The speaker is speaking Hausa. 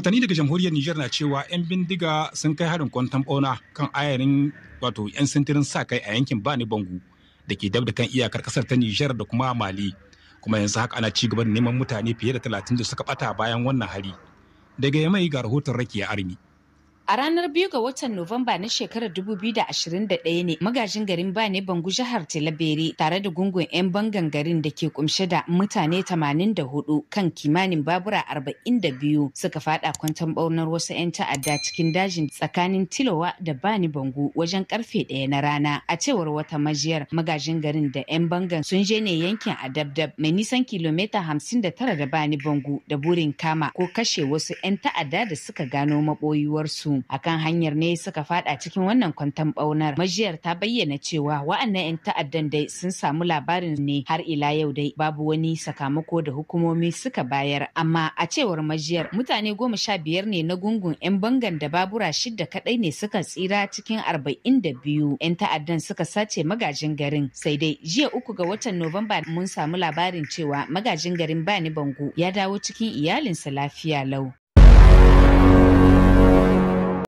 Mutane daga jamhuriyar Nijar na cewa 'yan bindiga sun kai harin kwantan bauna kan ayarin wato 'yan sintirin sa kai a yankin Bani Bangu da ke dab da kan iyakar kasar ta Nijar da kuma Mali. Kuma yanzu haka ana ci gaba da neman mutane fiye da talatin da suka bata bayan wannan hari. Daga yamai ga rahoton rakiya armi. A ranar biyu ga watan Nuwamba na shekarar 2021 ne magajin garin Bane Bangu jihar Tilabere tare da gungun 'yan bangan garin da ke kumshe da mutane 84 kan kimanin babura 42 suka fada kwantan baunar wasu 'yan ta'adda cikin dajin tsakanin Tilowa da Bane Bangu wajen karfe ɗaya na rana. A cewar wata majiyar magajin garin da 'yan bangan sun je ne yankin Adabdab mai nisan kilomita 59 da Bane Bangu da burin kama ko kashe wasu 'yan ta'adda da suka gano maɓoyuwarsu. akan hanyar ne suka fada cikin wannan kwantan ɓaunar majiyar ta bayyana cewa wa'annan 'yan ta'addan dai sun samu labarin ne har ila yau dai babu wani sakamako da hukumomi suka bayar amma a cewar majiyar mutane goma sha biyar ne na gungun 'yan bangan da babura shidda kadai ne suka tsira cikin arba'in da biyu 'yan ta'addan suka sace magajin garin sai dai jiya uku ga watan Nuwamba mun samu labarin cewa magajin garin Bani Bango ya dawo cikin iyalinsa lafiya lau.